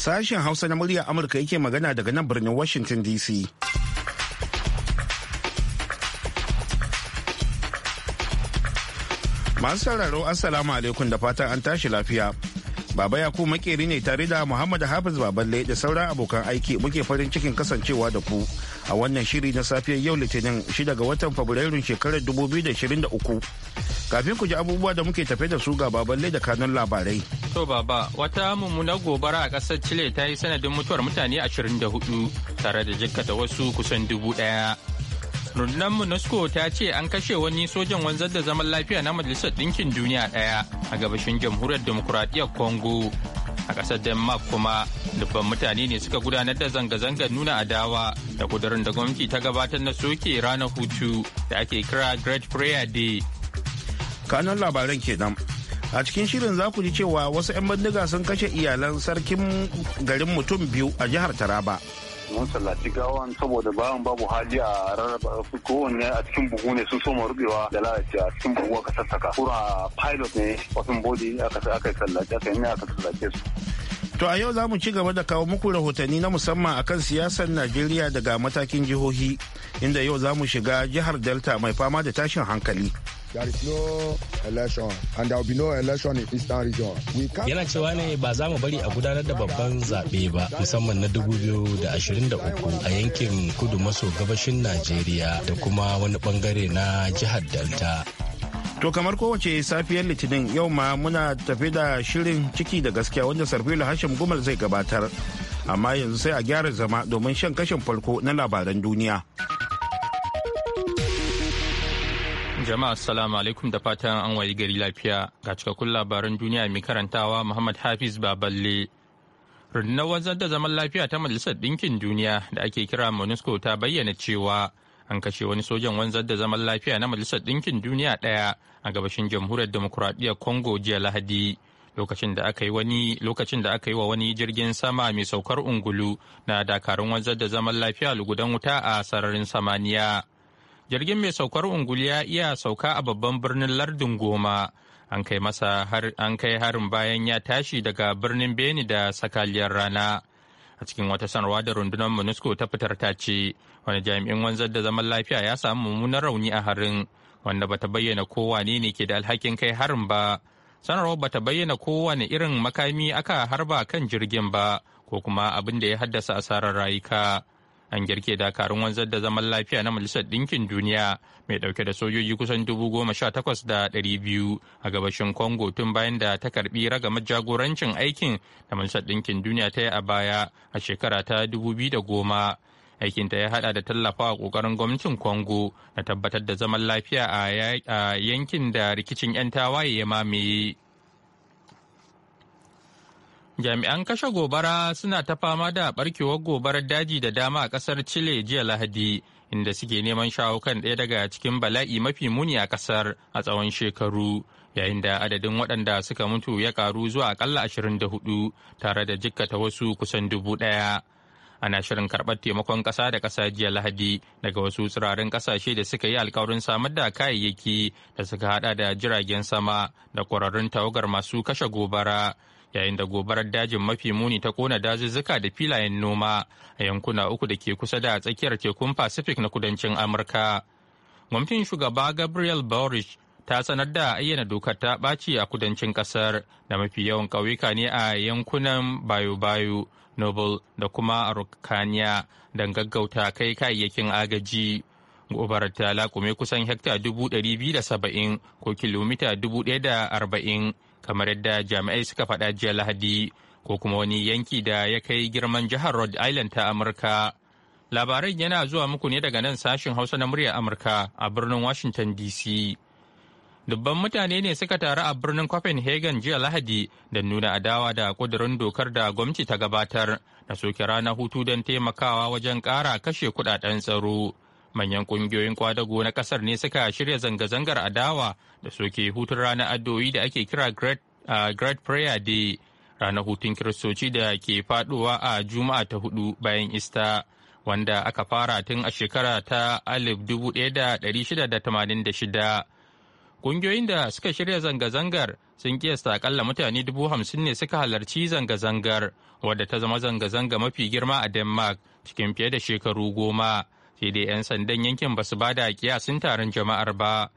Sashen Hausa na muryar Amurka yake magana daga nan birnin Washington DC. Masu sauraro Assalamu alaikum da fatan an tashi lafiya. Baba yaku makeri ne tare da Muhammad Hafiz Baballe da sauran abokan aiki muke farin cikin kasancewa da ku a wannan shiri na safiyar yau litinin shida ga watan fabrairun shekarar 2023 kafin ku ji abubuwa da muke tafe da su ga baballe da kanun labarai to baba wata mummunar gobara a kasar chile ta yi sanadin mutuwar mutane 24 tare da jikkata wasu kusan dubu daya. rundunar monusco ta ce an kashe wani sojan wanzar da zaman lafiya na majalisar ɗinkin duniya daya a gabashin jamhuriyar demokuraɗiyyar congo a ƙasar denmark kuma dubban mutane ne suka gudanar da zanga-zangar nuna adawa da kudurin da gwamnati ta gabatar na soke ranar hutu da ake kira great prayer day kanan labaran kenan a cikin shirin za ku ji cewa wasu 'yan bindiga sun kashe iyalan sarkin garin mutum biyu a jihar taraba mun sallaci gawan saboda bayan babu hali a rarraba su kowanne a cikin buhu ne sun soma rubewa da lalace a cikin buhu aka sassaka kura pilot ne wasu bodi aka yi sallaci aka yi ne aka sallace su To a yau za mu ci gaba da kawo muku rahotanni na musamman akan siyasar Najeriya daga matakin jihohi inda yau za mu shiga jihar Delta mai fama da tashin hankali. Yana cewa ne ba za mu bari a gudanar da babban zaɓe ba musamman na 2023 a yankin kudu maso gabashin Najeriya da kuma wani ɓangare na jihar Delta. To kamar kowace safiyar litinin yau ma muna tafi da shirin ciki da gaskiya wanda sarfilo hashim gumal zai gabatar. Amma yanzu sai a gyara zama domin shan kashin farko na labaran duniya. Jama'a salamu alaikum da fatan an wayi gari lafiya ga cikakkun labaran duniya mai karantawa Muhammad Hafiz Baballe. Rundunar wanzar da zaman lafiya ta Majalisar Ɗinkin Duniya da ake kira MONUSCO ta bayyana cewa an kashe wani sojan wanzar da zaman lafiya na majalisar ɗinkin duniya ɗaya a gabashin jamhuriyar demokuraɗiyyar congo jiya lahadi lokacin da aka yi wani lokacin da aka yi wa wani jirgin sama mai saukar ungulu na dakarun wanzar da zaman lafiya lugudan wuta a sararin samaniya jirgin mai saukar ungulu ya iya sauka a babban birnin lardin goma an kai masa har an kai harin bayan ya tashi daga birnin beni da sakaliyar rana a cikin wata sanarwa da rundunar monusco ta fitar ta ce wani jami'in wanzar da zaman lafiya ya samu mummunar rauni a harin wanda bata bayyana ko wane ne ke da alhakin kai harin ba sanarwar bata bayyana ko wane irin makami aka harba kan jirgin ba ko kuma abin da ya haddasa asarar rayuka an girke dakarun wanzar da zaman lafiya na majalisar ɗinkin duniya mai ɗauke da sojoji kusan dubu goma sha takwas da ɗari biyu a gabashin congo tun bayan da ta karbi ragamar jagorancin aikin da majalisar ɗinkin duniya ta yi a baya a shekara ta dubu biyu da goma aikin ta ya hada da tallafawa kokarin gwamnatin congo na tabbatar da zaman lafiya a yankin da rikicin 'yan tawaye ya mamaye Jami'an kashe gobara suna ta fama da barkewar gobarar daji da dama a kasar Chile jiya Lahadi, inda suke neman shawo kan ɗaya daga cikin bala'i mafi muni a kasar a tsawon shekaru, yayin da adadin waɗanda suka mutu ya ƙaru zuwa akalla 24 tare da jikkata wasu kusan dubu ɗaya. Ana shirin karɓar taimakon ƙasa da ƙasa jiya Lahadi daga wasu tsirarin ƙasashe da suka yi alkawarin samar da kayayyaki da suka haɗa da jiragen sama da ƙwararrun tawagar masu kashe gobara. yayin da gobarar dajin mafi muni ta kona dazuzzuka da filayen noma a yankuna uku da ke kusa da tsakiyar tekun pacific na kudancin amurka gwamnatin shugaba gabriel borish ta sanar da ayyana dokar ta ɓaci a kudancin ƙasar da mafi yawan ƙauyuka ne a yankunan bayo-bayo noble da kuma arukaniya don gaggauta kai kayayyakin agaji gobarar ta laƙume kusan hekta 270 ko kilomita 140 kamar yadda jami'ai suka faɗa jiya lahadi ko kuma wani yanki da ya kai girman jihar rhode island ta amurka labaran yana zuwa muku ne daga nan sashen hausa na muryar amurka a birnin washington dc dubban mutane ne suka taru a birnin copenhagen jiya lahadi da nuna adawa da kudurin dokar da gwamnati ta gabatar da soke rana hutu don taimakawa wajen kara kashe kudaden tsaro manyan kungiyoyin kwadago na kasar ne suka shirya zanga-zangar adawa da soke hutun ranar addu'o'i da ake kira great, prayer day ranar hutun kiristoci da ke faduwa a juma'a ta hudu bayan ista wanda aka fara tun a shekara ta 1686 kungiyoyin da suka shirya zanga-zangar sun kiyasta akalla mutane dubu hamsin ne suka halarci zanga-zangar wadda ta zama zanga-zanga mafi girma a denmark cikin fiye da shekaru goma sai dai 'yan sandan yankin ba su ba da kiyasin taron jama'ar ba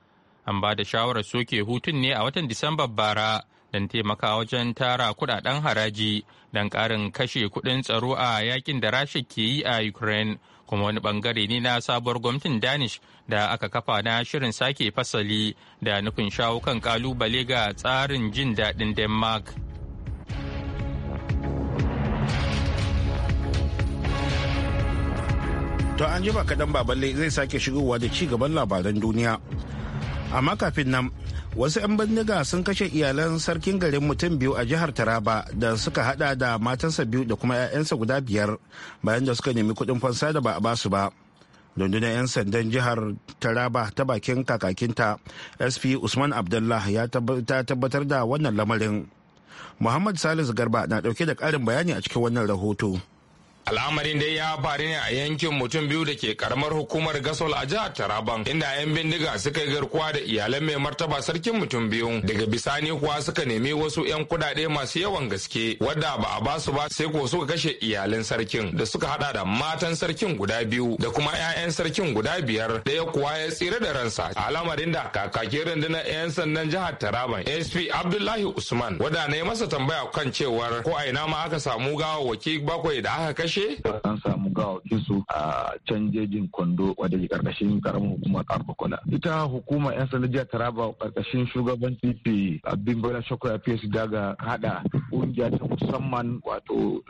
an ba da shawarar soke hutun ne a watan disambar bara don taimaka wajen tara kudaden haraji don karin kashe kudin tsaro a yakin da rasha ke yi a ukraine kuma wani bangare ne na sabuwar gwamnatin danish da aka kafa na shirin sake fasali da nufin shawo kan kalubale ga tsarin jin daɗin denmark To an jima kaɗan baballe zai sake shigowa da ci gaban labaran duniya. Amma kafin nan wasu 'yan bindiga sun kashe iyalan sarkin garin mutum biyu a jihar Taraba da suka hada da matansa biyu da kuma 'ya'yansa guda biyar bayan da suka nemi kuɗin fansa da ba a basu ba. rundunar 'yan sandan jihar taraba ta bakin kakakinta sp usman abdullah ya tabbatar da wannan lamarin muhammad salisu garba na dauke da karin bayani a cikin wannan rahoto al'amarin dai ya faru ne a yankin mutum biyu da ke karamar hukumar gasol a jihar taraban inda 'yan bindiga suka yi garkuwa da iyalan mai martaba sarkin mutum biyu daga bisani kuwa suka nemi wasu 'yan kudade masu yawan gaske wadda ba a basu ba sai ko suka kashe iyalan sarkin da suka hada da matan sarkin guda biyu da kuma 'ya'yan sarkin guda biyar ɗaya kuwa ya tsira da ransa al'amarin da kakakin rundunar 'yan sandan jihar taraban sp abdullahi usman wadda na yi masa tambaya kan cewar ko a ina ma aka samu gawawwaki bakwai da aka kashe kashe? An samu gawakin su a can jejin kwando wadda ke karkashin karamin hukumar Arbakola. Ita hukuma 'yan sanda jiya Taraba karkashin shugaban titi abin Bola Shokoya PS daga hada kungiya ta musamman wato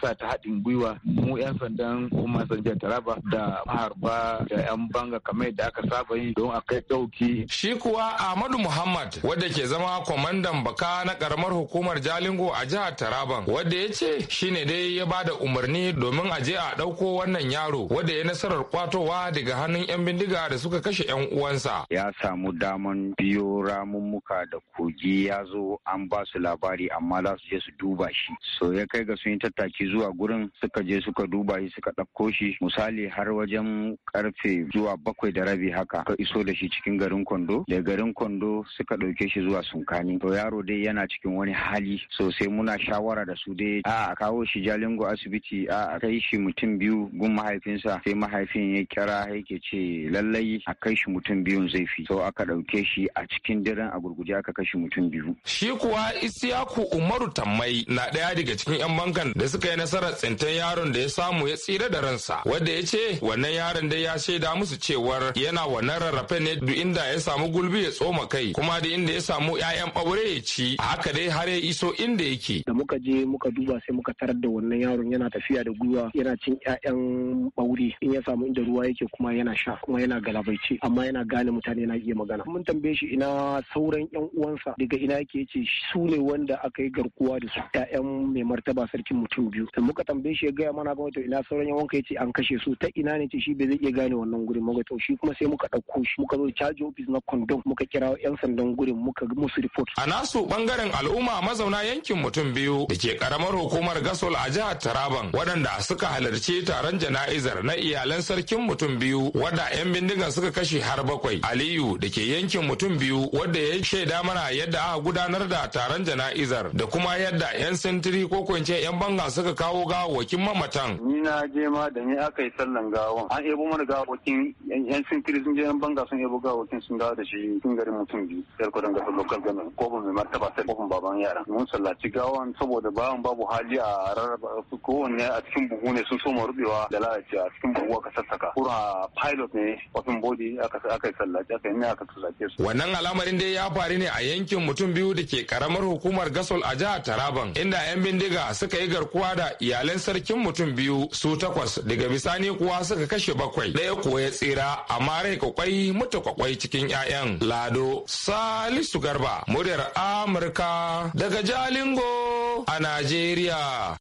sa ta haɗin gwiwa mu 'yan sandan hukumar sanjiyar Taraba da maharba da 'yan banga kamar da aka saba yi don a kai ɗauki. Shi kuwa Ahmadu Muhammad wadda ke zama kwamandan baka na karamar hukumar Jalingo a jihar Taraban wadda ya ce shine dai ya bada umarni domin a je a ɗauko wannan yaro wanda ya nasarar kwatowa daga hannun 'yan bindiga da suka kashe 'yan uwansa. Ya samu daman biyo ramummuka da kogi ya zo an ba su labari amma za su je su duba shi. So ya kai ga sun yi tattaki zuwa gurin suka je suka duba shi suka ɗauko shi misali har wajen karfe zuwa bakwai da rabi haka ka iso da shi cikin garin kwando. da garin kwando suka ɗauke shi zuwa Sunkani. To yaro dai yana cikin wani hali sosai muna shawara da su dai a kawo shi Jalingo asibiti a a kai shi mutum biyu gun mahaifinsa sai mahaifin ya kira yake ce lallai a kai shi mutum biyun zai fi so aka ɗauke shi a cikin daren a gurguje aka kashe mutum biyu. Shi kuwa Isiyaku Umaru Tammai na ɗaya daga cikin 'yan bankan da suka yi nasarar tsintan yaron da ya samu ya tsira da ransa wanda ya ce wannan yaron dai ya shaida musu cewar yana wannan rarrafe ne duk inda ya samu gulbi ya tsoma kai kuma da inda ya samu 'ya'yan ɓaure ya ci haka dai har ya iso inda yake. Da muka je muka duba sai muka tarar da wannan yaron yana tafiya da da gwiwa yana cin ƴaƴan ɓaure in ya samu inda ruwa yake kuma yana sha kuma yana galabaice amma yana gane mutane na iya magana mun tambaye shi ina sauran 'yan uwansa daga ina yake ce su ne wanda aka yi garkuwa da su 'ya'yan mai martaba sarkin mutum biyu da muka tambaye shi ya gaya mana ga wato ina sauran ƴan uwanka yace an kashe su ta ina ne ce shi bai zai iya gane wannan gurin magato shi kuma sai muka ɗauko shi muka zo caji ofis na kondom muka kira 'yan sandan gurin muka musu report a nasu bangaren al'umma mazauna yankin mutum biyu da ke karamar hukumar gasol a jihar taraban waɗanda waɗanda suka halarci taron jana'izar na iyalan sarkin mutum biyu wadda 'yan bindigan suka kashe har bakwai aliyu da ke yankin mutum biyu wadda ya shaida mana yadda aka gudanar da taron jana'izar da kuma yadda 'yan sintiri ko kwance 'yan banga suka kawo gawakin mamatan. ni na je ma da ni aka yi sallan gawan an ebo mana gawakin 'yan sintiri sun je 'yan banga sun ebo gawakin sun dawo da shi sun garin mutum biyu yar kudin gasar lokal gamin kofin mai martaba sai baban yara mun sallaci gawan saboda bawan babu hali a rarraba kowanne a a cikin buhu ne sun soma rubewa da lalacewa a cikin buhu aka sassaka kura pilot ne wasu bodi aka yi sallace aka yi ne aka sassake su wannan al'amarin dai ya faru ne a yankin mutum biyu da ke karamar hukumar gasol a jihar taraban inda yan bindiga suka yi garkuwa da iyalan sarkin mutum biyu su takwas daga bisani kuwa suka kashe bakwai ɗaya kuwa ya tsira amma rai kwakwai mutu kwakwai cikin 'ya'yan lado salisu garba muryar amurka daga jalingo a najeriya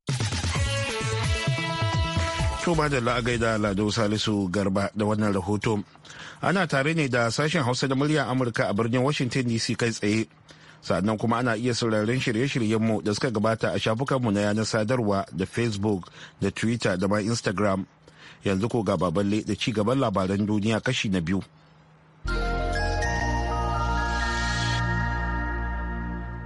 To da da Lado Salisu Garba da wannan rahoto. Ana tare ne da sashen Hausa da murya Amurka a birnin Washington DC kai tsaye. Sannan kuma ana iya sauraron shirye-shiryenmu da suka gabata a shafukanmu na yanar sadarwa da Facebook da Twitter da ma Instagram. Yanzu ko ga baballe da ci gaban labaran duniya kashi na biyu.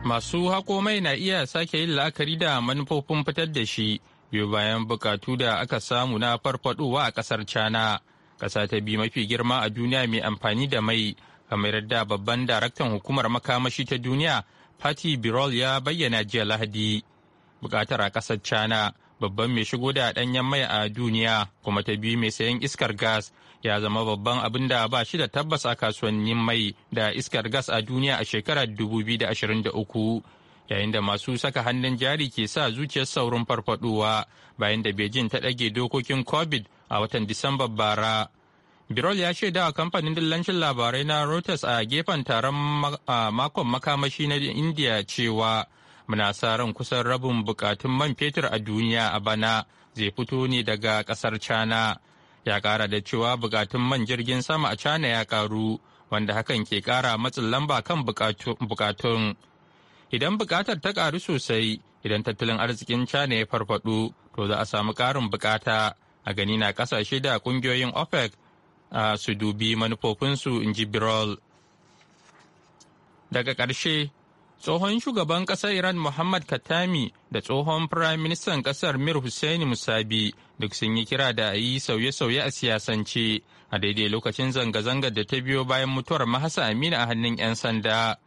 Masu hako mai na iya sake yin la'akari da manufofin fitar da shi. biyo bayan bukatu da aka samu na farfadowa a kasar china kasa ta biyu mafi girma a duniya mai amfani da mai kamar yadda babban daraktan hukumar makamashi ta duniya Fati Birol ya bayyana jiya Lahadi. Bukatar a ƙasar China babban mai shigo da ɗanyen mai a duniya kuma ta biyu mai sayan iskar gas ya zama babban abin da ba shi da tabbas a kasuwannin mai da iskar gas a duniya a shekarar 2023 yayin da masu saka hannun jari ke sa zuciyar saurin farfaduwa bayan da beijing ta ɗage dokokin covid a watan disamba bara birol ya shaida a kamfanin dillancin labarai na reuters a gefen taron makon makamashi na india cewa muna sa ran kusan rabin bukatun man fetur a duniya a bana zai fito ne daga kasar china ya kara da cewa bukatun man jirgin sama a china ya karu wanda hakan ke kara matsin lamba kan bukatun Idan bukatar ta ƙaru sosai, idan tattalin arzikin China ya farfadu to za a samu ƙarin bukata a gani na ƙasashe da ƙungiyoyin OPEC su dubi manufofinsu in ji Birol. Daga ƙarshe, tsohon shugaban ƙasar Iran Muhammad Katami da tsohon minister ƙasar Mir Hussein Musabi duk sun yi kira da a yi sauye-sauye a siyasance a daidai lokacin zanga-zangar da ta biyo bayan mutuwar Mahasa Amina a hannun 'yan sanda.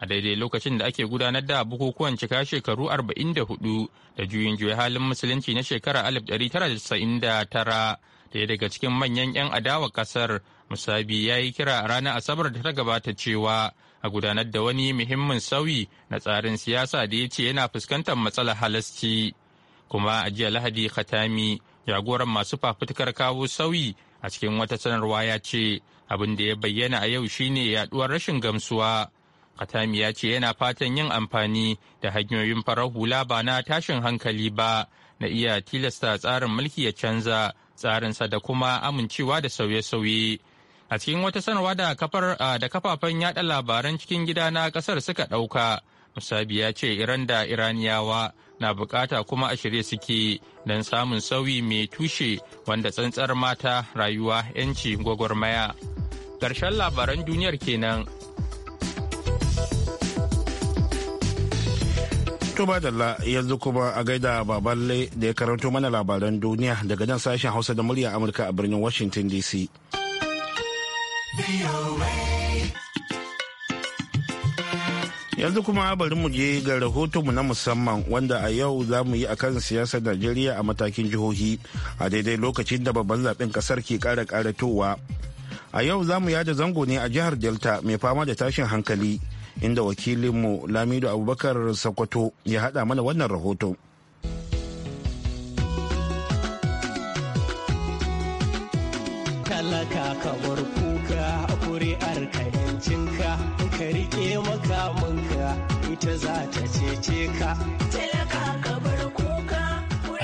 a daidai lokacin da ake gudanar da bukukuwan cika shekaru 44 da juyin juya halin musulunci na shekara 1999 ya daga cikin manyan 'yan adawa kasar musabi ya yi kira a ranar asabar da ta gabata cewa a gudanar da wani muhimmin sauyi na tsarin siyasa da ya ce yana fuskantar matsalar halasci kuma a jiya lahadi khatami jagoran masu fafutukar kawo sauyi a cikin wata sanarwa ya ce abin da ya bayyana a yau shine yaduwar rashin gamsuwa Katami ya ce yana fatan yin amfani da hanyoyin farar hula ba na tashin hankali ba na iya tilasta tsarin mulki ya canza tsarinsa da kuma amincewa da sauye-sauye. A cikin wata sanarwa da kafar da kafafen yada labaran cikin gida na kasar suka ɗauka, Musabi ya ce Iran da Iraniyawa na bukata kuma a shirye suke don samun sauyi mai tushe wanda tsantsar mata rayuwa 'yanci gwagwarmaya. Ƙarshen labaran duniyar kenan To madalla yanzu kuma a gaida baballe da ya karanto mana labaran duniya daga nan sashen Hausa da murya Amurka a birnin Washington DC. Yanzu kuma bari mu je ga rahotonmu na musamman wanda a yau za mu yi akan siyasar Najeriya a matakin jihohi a daidai lokacin da babban zaben kasar ke kara karatowa. A yau za mu yada zango ne a jihar Delta mai fama da tashin hankali. inda wakilinmu Lamido Abubakar Sokoto ya haɗa mana wannan rahoto. Talaka kamar kuka kuri'ar kayancinka, ka rike makamanka ita za ta cece ka. Talaka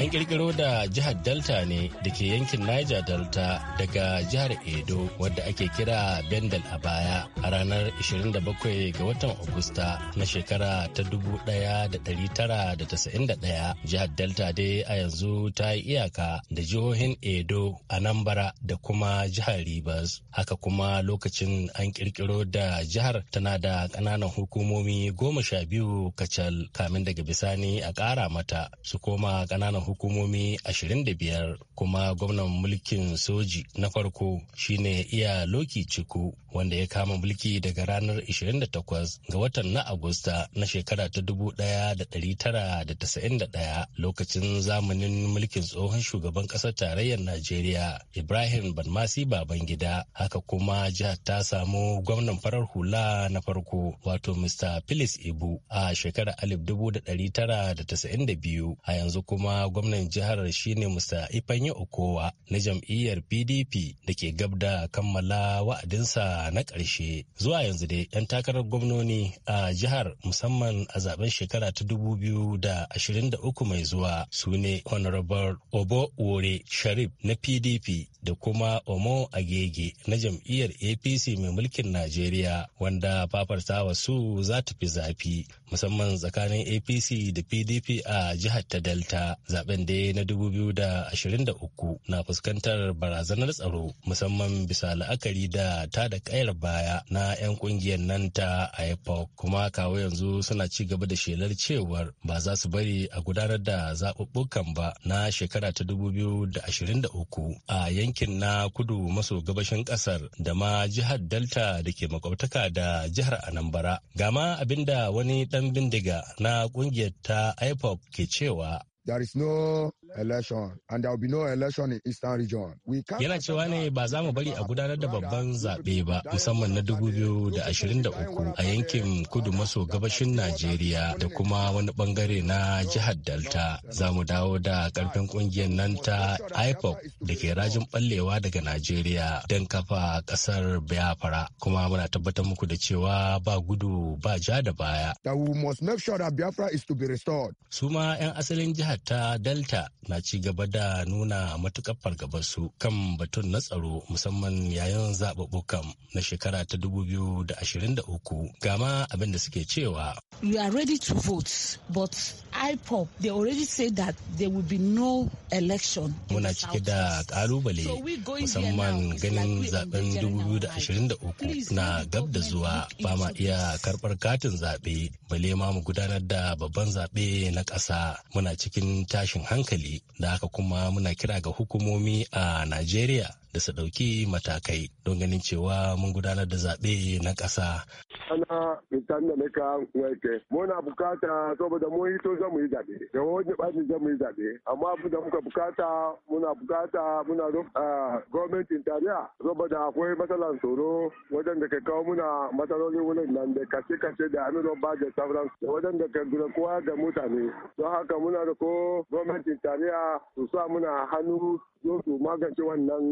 an kirkiro da jihar delta ne da ke yankin niger delta daga jihar edo wadda ake kira bendel a baya a ranar 27 ga watan agusta na shekara ta 1991 jihar delta dai a yanzu ta yi iyaka da jihohin edo a bara da kuma jihar rivers haka kuma lokacin an kirkiro da jihar tana da ƙananan hukumomi goma sha biyu kacal kamin daga bisani a ƙara mata su koma ƙananan hukumomi 25 kuma gwamnan mulkin soji na farko shine iya loki ciku wanda ya kama mulki daga ranar 28 ga watan na agusta na shekara ta 1991 lokacin zamanin mulkin tsohon shugaban ƙasar tarayyar najeriya ibrahim banmasi babangida haka kuma jihar ta samu gwamnan farar hula na farko wato mr phyllis ibu a shekara 1992 a yanzu kuma gwamnan jihar shine Musa Ifanye Okowa na jam'iyyar PDP da ke gab da kammala wa'adinsa na ƙarshe. Zuwa yanzu dai 'yan takarar gwamnoni a jihar musamman a zaben shekara ta dubu biyu da da ashirin uku mai zuwa su ne Honorable Obo Wore Sharif na PDP da kuma Omo Agege na jam'iyyar APC mai mulkin Najeriya wanda fafartawa su za ta fi zafi musamman tsakanin APC da PDP a jihar ta Delta. zaben da na 2023 na fuskantar barazanar tsaro musamman bisa la'akari da ta da kayar baya na 'yan kungiyar nan ta ipoc kuma kawo yanzu suna ci gaba da shelar cewar ba za su bari a gudanar da zaɓuɓɓukan ba na shekara ta 2023 a yankin na kudu maso gabashin ƙasar da ma jihar delta da ke makwabtaka da jihar anambra gama abinda wani ɗan bindiga na kungiyar ta ipoc ke cewa There is no election and there will Yana cewa ne ba za mu bari a gudanar da babban zaɓe ba musamman na 2023 a yankin kudu maso gabashin Najeriya da kuma wani bangare na jihar Delta. Za mu dawo da karfin ƙungiyar nan ta IPOC da ke rajin ɓallewa daga Najeriya don kafa ƙasar Biafra kuma muna tabbatar muku da cewa ba gudu ba ja da baya. That we must make sure be restored. suma 'yan asalin jihar ta Delta na ci gaba da nuna matukar fargabarsu kan batun na tsaro musamman yayin zaɓuɓɓukan na shekara ta 2023 gama abin da suke cewa. we are ready to vote, but IPOP they already say that there will be no election. Muna cike da ƙalubale musamman ganin zaben 2023 na gab da zuwa ba ma iya karɓar katin zaɓe bale ma mu gudanar da babban zaɓe na ƙasa muna cikin tashin hankali. da haka kuma muna kira ga hukumomi a najeriya da su ɗauki matakai don ganin cewa mun gudanar da zaɓe na ƙasa. Ana fitan da nika wake muna bukata saboda mun yi to zamu yi zaɓe da wani ɓaci zamu yi zaɓe amma abin da muka bukata muna bukata muna gwamnatin tarayya saboda akwai matsalar tsoro wajen da ke kawo muna matsalolin wurin nan da kashe-kashe da amiro ba da sauran da wajen da ke kowa da mutane don haka muna da ko gwamnatin tarayya su sa muna hannu zo su magance wannan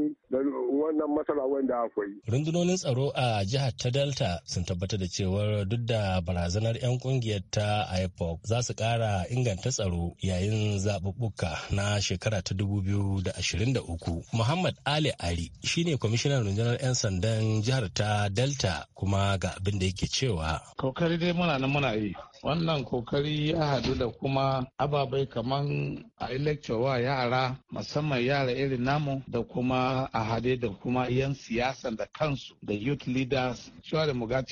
wannan matsala wanda akwai. Rundunonin tsaro a jihar ta Delta sun tabbatar da cewar duk da barazanar 'yan kungiyar ta IPOC za su kara inganta tsaro yayin zaɓuɓɓuka na shekara ta 2023. Muhammad Ali Ari shine kwamishinan rundunar 'yan sandan jihar ta Delta kuma ga abin da yake cewa. Kokari dai muna nan muna yi. Wannan kokari ya hadu da kuma ababai kamar a wa yara musamman yara irin namu da kuma a hade da kuma yan siyasa da kansu da youth leaders cewa da muga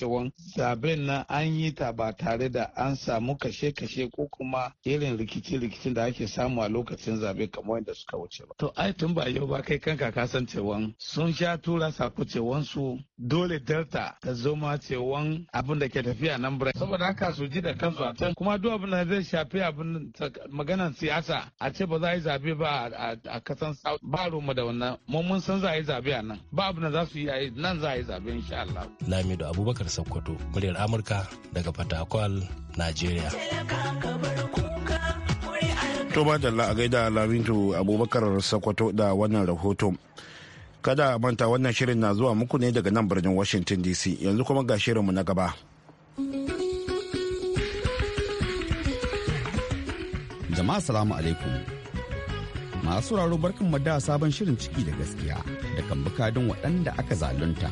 zaben na an yi ta ba tare da an samu kashe-kashe ko kuma irin rikici-rikicin da ake samu a lokacin zabe kamar wanda suka wuce ba. To ai tun ba yau ba kai kanka ka san cewan sun sha tura sako cewan su dole delta ta zoma cewan abin da ke tafiya nan saboda haka su ji da kansu a can kuma duk abin da zai shafi abin maganan siyasa a ce ba za a yi zabe ba a kasan ba Roma da wannan mun mun san za a yi zabe a nan ba abin da za su yi nan za a yi zabe insha Allah Lamido Abubakar Sokoto muryar Amurka daga Fatakwal Nigeria To ba da a gaida Lamido Abubakar Sokoto da wannan rahoton kada a manta wannan shirin na zuwa muku ne daga nan birnin washington dc yanzu kuma ga shirinmu na gaba. jama'a salamu alaikum masu raro barkan mu da sabon shirin ciki da gaskiya da kan bukadin waɗanda aka zalunta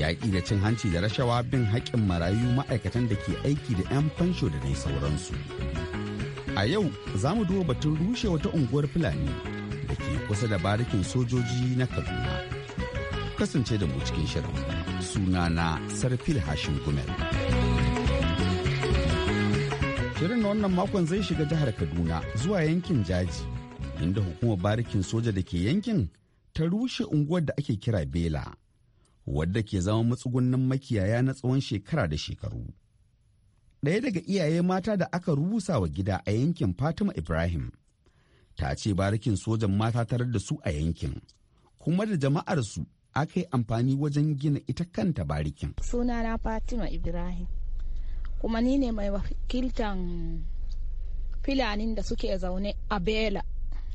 yaƙi da cin hanci da rashawa bin haƙƙin marayu ma'aikatan da ke aiki da 'yan fansho da dai sauransu a yau za mu duba batun rushe wata unguwar fulani da ke kusa da barikin sojoji na kaduna kasance da mu cikin shirin Suna na sarfil hashin gumel Shirin wannan makon zai shiga jihar Kaduna zuwa yankin Jaji, inda hukumar barikin soja da ke yankin ta rushe unguwar da ake kira Bela, wadda ke zama matsugunan makiyaya na tsawon shekara da shekaru. Ɗaya daga iyaye mata da aka rusa wa gida a yankin Fatima Ibrahim, ta ce barikin sojan mata tarar da su a yankin, kuma da jama'arsu aka yi amfani wajen gina ita kanta barikin. Sunana Fatima Ibrahim. kuma ni ne mai wakiltan filanin da suke zaune a bela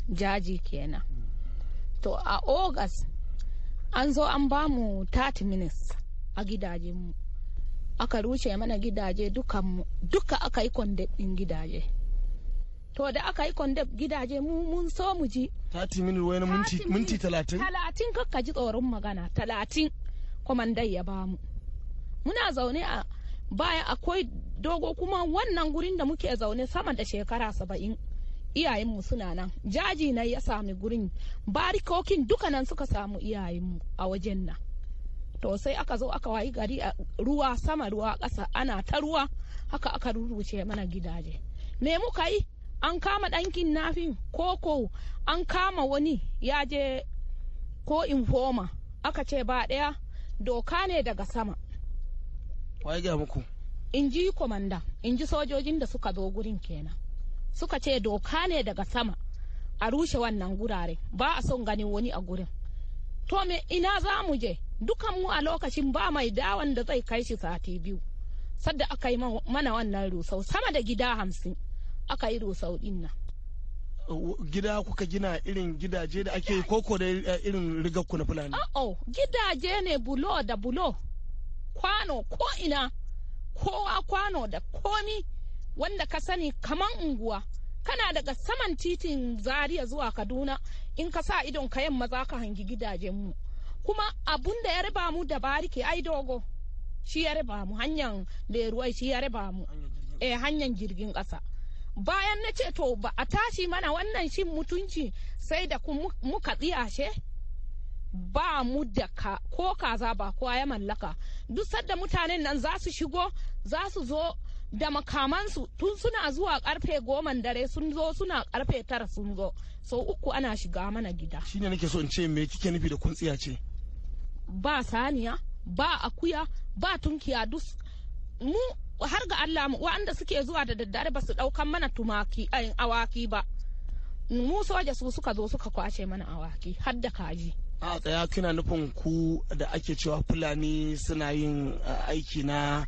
jaji kenan to a august an zo an ba mu 30 minutes a gidajenmu aka rushe mana gidaje dukanmu duka aka yi kondabin gidaje to da aka yi kwandab gidaje mu mun so mu ji 30 minutes wani minti 30 30 kakka ji tsoron magana 30 kwamandai ya ba mu muna zaune a baya akwai dogo kuma wannan gurin da muke zaune sama da shekara saba'in iyayenmu suna nan jaji na ya sami gurin barikokin duka nan suka samu iyayenmu a wajen nan to sai aka zo aka wayi gari a ruwa sama ruwa ƙasa ana ta ruwa haka aka rurruce mana gidaje me muka yi an kama ɗankin nafin koko an kama wani yaje je ko infoma aka ce ba ɗaya doka ne daga sama Wai muku. In ji komanda, in ji sojojin da suka zo gurin kenan. Suka ce doka ne daga sama a rushe wannan gurare ba a son ganin wani a gurin. To me ina za mu je? Dukan mu a lokacin ba mai dawan da zai kai shi sati biyu. Sadda aka yi mana wannan rusau sama da gida hamsin aka yi rusau din nan. gida kuka gina irin gidaje da ake koko da eh, irin rigar ku na fulani? Oh, gidaje ne bulo da bulo kwano ko ina kowa kwano da komi wanda ka sani kaman unguwa kana daga saman titin zaria zuwa kaduna in ka sa idon ka yamma za ka hangi mu kuma abun da ya raba mu da bariki ai dogo shi ya raba mu hanyar leruwai shi ya raba mu eh hanyar jirgin ƙasa bayan na ce to ba a tashi mana wannan shin mutunci sai da muka tsiyashe ba mu da ka ko kaza ba kowa ya mallaka duk sadda mutanen nan za su shigo za su zo da makamansu tun suna zuwa karfe goman dare sun zo suna karfe tara sun zo sau uku ana shiga mana gida shine nake so in ce me kike nufi da kuntsiya ce ba saniya ba akuya ba tunkiya duk mu har ga Allah wa'anda suke zuwa da daddare ba su daukan mana tumaki ayin eh, awaki ba mu soja su suka zo suka kwace mana awaki har da kaji a tsaya kina nufin ku da ake cewa fulani suna yin aiki na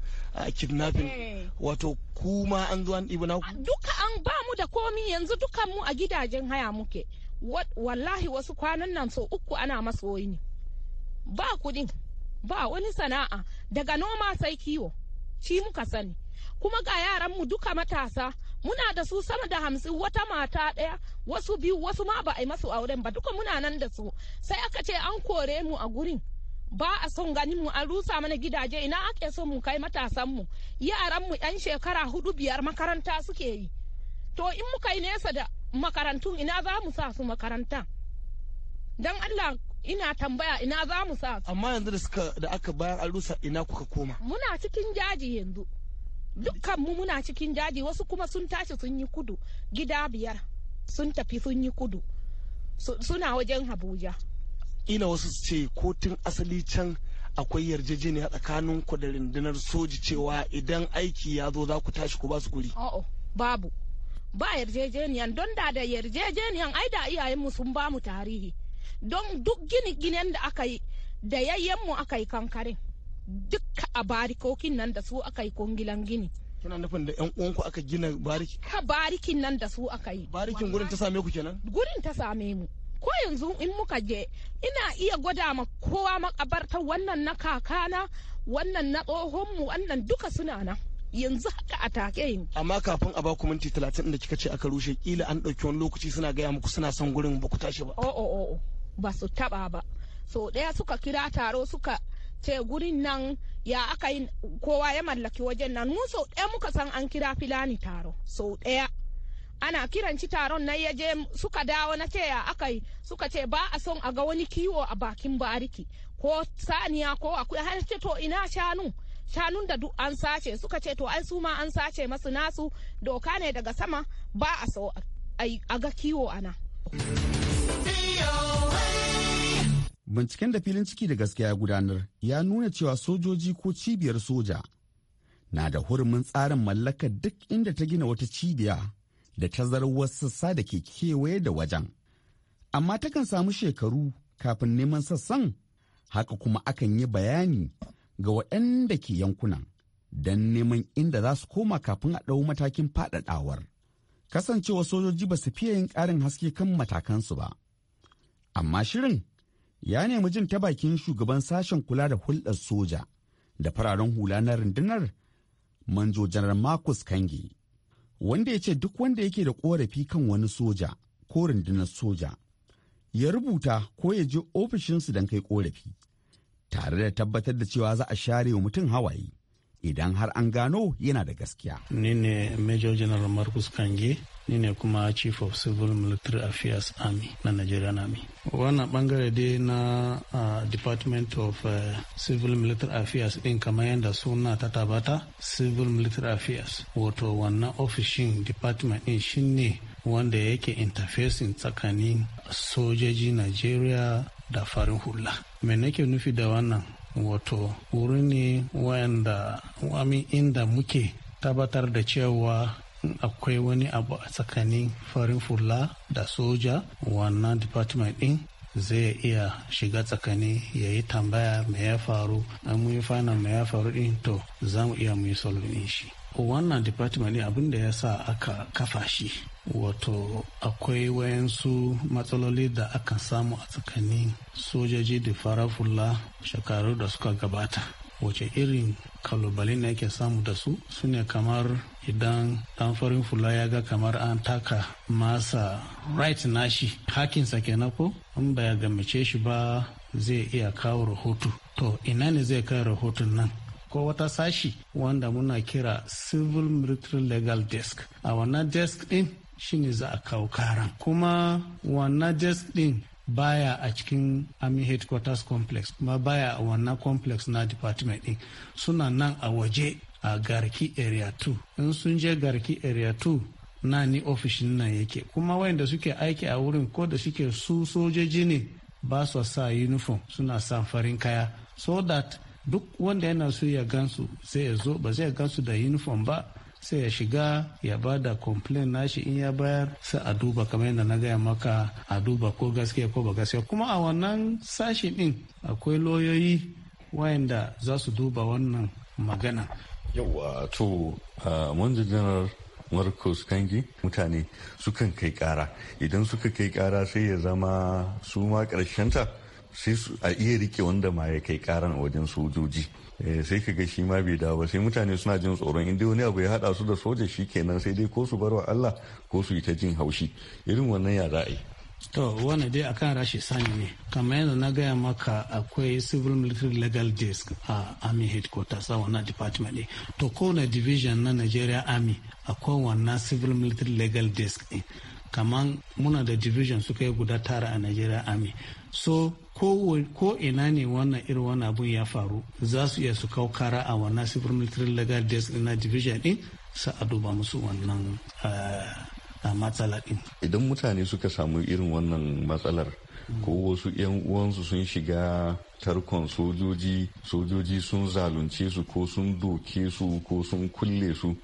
kidnapping eh. wato kuma an zuwa ibi na duka an ba mu da komi yanzu dukan mu a gidajen haya muke wallahi wasu kwanan nan so uku ana masoyi ne ba kudin ba wani sana'a daga noma sai kiwo shi muka sani kuma ga yaranmu duka matasa muna da su sama da hamsin wata mata ɗaya wasu biyu wasu ma ba a yi masu auren ba duka muna nan da su sai aka ce an kore mu a gurin ba a son ganin mu an rusa mana gidaje ina ake so mu kai matasan mu yaran mu yan shekara hudu biyar makaranta suke yi to in muka yi nesa da makarantun ina za mu sa su makaranta dan Allah ina tambaya ina za mu sa su amma yanzu da suka da aka bayar an rusa ina kuka koma muna cikin jaji yanzu dukkan mu muna cikin daji wasu kuma sun tashi sun yi kudu gida biyar sun tafi sun yi kudu suna wajen habuja. Ina wasu ce kotun asali can akwai yarjejeniya tsakanin ku da rundunar soji cewa idan aiki ya zo za ku tashi ku ba su guri. Oh, babu. Ba yarjejeniyan don da da yarjejeniyan ai da iyayenmu sun ba mu tarihi. Don duk gini ginen da aka yi da yayyenmu aka yi kankarin. Duka a barikokin nan da su aka yi kungilan gini kina nufin da yan uwanku aka gina bariki ka barikin nan da su aka yi barikin gurin ta same ku kenan gurin ta same mu ko yanzu in muka je ina iya gwada ma kowa makabarta wannan na kakana wannan na tsohonmu wannan duka suna nan yanzu haka a take yin amma kafin a baku minti talatin da kika ce aka rushe kila an ɗauki wani lokaci suna gaya muku suna son gurin ba ku tashi ba o o o ba su taɓa ba so ɗaya suka kira taro suka ce gurin nan ya aka yi kowa ya mallaki wajen nan mu sau ɗaya muka san an kira filani taro sau ɗaya ana kiranci taron nan ya je suka dawo na ce ya aka yi suka ce ba a son a ga wani kiwo a bakin bariki ko saniya ko akwai har ce to ina shanu shanun da duk an sace suka ce to ai su ma an sace masu nasu doka ne daga sama ba a so a ga kiwo ana. Binciken da filin ciki da gaskiya gudanar ya nuna cewa sojoji ko cibiyar soja na da hurumin tsarin mallakar duk inda ta gina wata cibiya da ta wasu sassa da ke kewaye da wajen. Amma takan samu shekaru kafin neman sassan haka kuma akan yi bayani ga waɗanda ke yankunan don neman inda za su koma kafin a ɗau matakin faɗaɗawar. Kasancewa sojoji ba su fiye yin ƙarin haske kan matakansu ba. Amma shirin ya nemi jin ta bakin shugaban sashen kula da hulɗar soja da fararen hula na rundunar manjo janar Marcus Kangi, wanda ya ce duk wanda yake da korafi kan wani soja ko rundunar soja, ya rubuta ko ya je ofishinsu don kai korafi, tare da tabbatar da cewa za a share wa mutum hawaye. idan har an gano yana da gaskiya. Ni ne Major General Marcus Kange, ni ne kuma Chief of Civil Military Affairs Army na Nigerian Army. Wannan bangare dai na uh, Department of uh, Civil Military Affairs din kamar yadda suna ta tabata Civil Military Affairs wato wannan ofishin department din shine wanda yake interfacing tsakanin sojoji Nigeria da farin hula. Me nake nufi da wannan wato wuri ne wanda wami inda muke tabbatar da cewa akwai wani abu a tsakanin farin fula da soja wannan department din zai iya shiga tsakani ya yi tambaya mai ya faru an mu yi fana mai ya faru din to za mu iya muyi yi shi wannan department ne abin da ya sa aka kafa shi wato akwai wayansu matsaloli da aka samu a tsakanin sojoji da farafula shekaru da suka gabata wace irin kalubale ne yake samu da su sune kamar idan dan farin fula ya ga kamar an taka masa right nashi hakinsa kenan ko in ba ya gamace shi ba zai iya kawo rahoto to ina ne zai kai rahoton nan ko wata sashi wanda muna kira civil military legal desk a wannan desk din shine za a kawo karan kuma wannan desk din baya a cikin army headquarters complex kuma baya a wannan complex na department din suna nan a waje a garki area 2 in sun je garki area 2 na ni ofishin nan yake kuma wayanda suke aiki a wurin ko da suke su sojoji ne ba su sa uniform suna sa farin kaya so that duk wanda yana so ya gansu sai ya zo ba zai gansu da uniform ba sai ya shiga ya ba da complain nashi in ya bayar sai a duba kamar yadda na gaya maka a duba ko gaskiya ko ba gaskiya kuma a wannan sashi din akwai lauyoyi wayanda za su duba wannan magana yawa to mun janar marcus kangi mutane sukan kai kara idan suka kai kara sai ya zama su ma ta sai a iya rike wanda ma ya kai karan wajen sojoji Eh, sai ka ga shi ma bai dawo ba sai mutane suna jin tsoron inda wani abu ya haɗa su da soja shi kenan sai dai ko su bar wa Allah ko su yi ta jin haushi irin wannan ya za'a yi to wani dai akan rashi sani ne kamar yadda na gaya maka akwai civil military legal desk a army headquarters a wannan department ne to kowane division na nigeria army akwai wannan civil military legal desk ne kamar muna da division suka yi guda tara a nigeria army so ko ina ne wannan irin wannan abun ya faru za su iya su kau kara a wannan civil military legal desk na division din sa a duba musu wannan eh, matsala din idan mutane suka samu irin wannan matsalar ko wasu yan uwansu sun shiga tarkon sojoji sojoji sun zalunce su ko sun doke su ko sun kulle su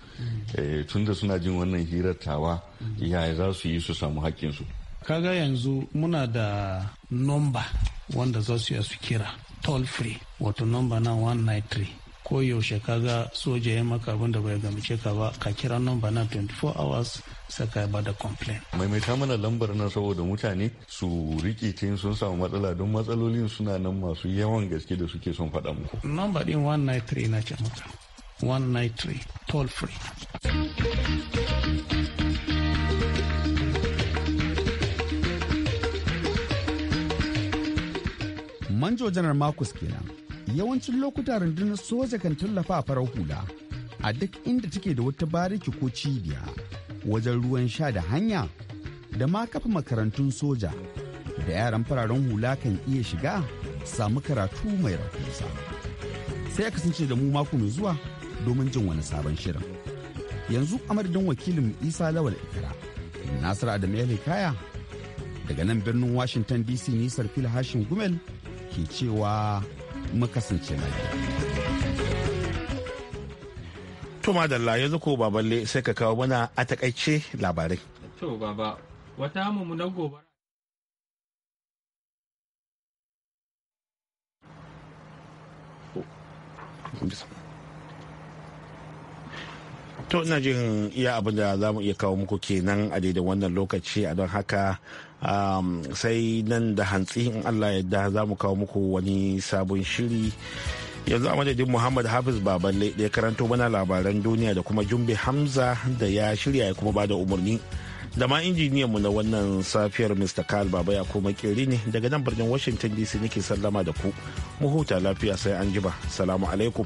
eh, tunda suna jin wannan hirar tawa yaya za su yi su samu haƙƙinsu kaga yanzu muna da nomba wanda za su su kira toll free wato nomba na 193 ko yaushe kaga soja ya maka abin da bai gamace ka ba ka kira nomba na 24 hours saka ba da complain. maimaita mana lambar na saboda mutane su rike tin sun samu matsala don matsalolin suna nan masu yawan gaske da suke son faɗa muku. nomba din 193 na ce maka 193 toll free. manjo janar marcus kenan yawancin lokuta rundunar soja kan tallafa a farar hula a duk inda take da wata bariki ko cibiya wajen ruwan sha da hanya da ma kafa makarantun soja da yaran fararen hula kan iya shiga samu karatu mai rahusa sai kasance da mu mako mai zuwa domin jin wani sabon shirin yanzu a don wakilin isa lawal ikira nasir adam kaya daga nan birnin washington dc nisar fil hashin gumel ke cewa mu kasance lafiya. To madalla yanzu ko baballe sai ka kawo mana a takaice labarai. To baba, wata gobara. Oh, to ina jin iya abin da za mu iya kawo muku kenan a daidai wannan lokaci a don haka um, sai nan da hantsi in allah yadda za mu kawo muku wani sabon shiri yanzu a madadin muhammad hafiz baballe da ya karanto mana labaran duniya da kuma jumbe hamza da ya shirya ya kuma ba da umarni da ma injiniyan mu na wannan safiyar mr karl baba ya kuma kiri ne daga nan birnin washington dc nake sallama da ku mu huta lafiya sai an jiba salamu alaikum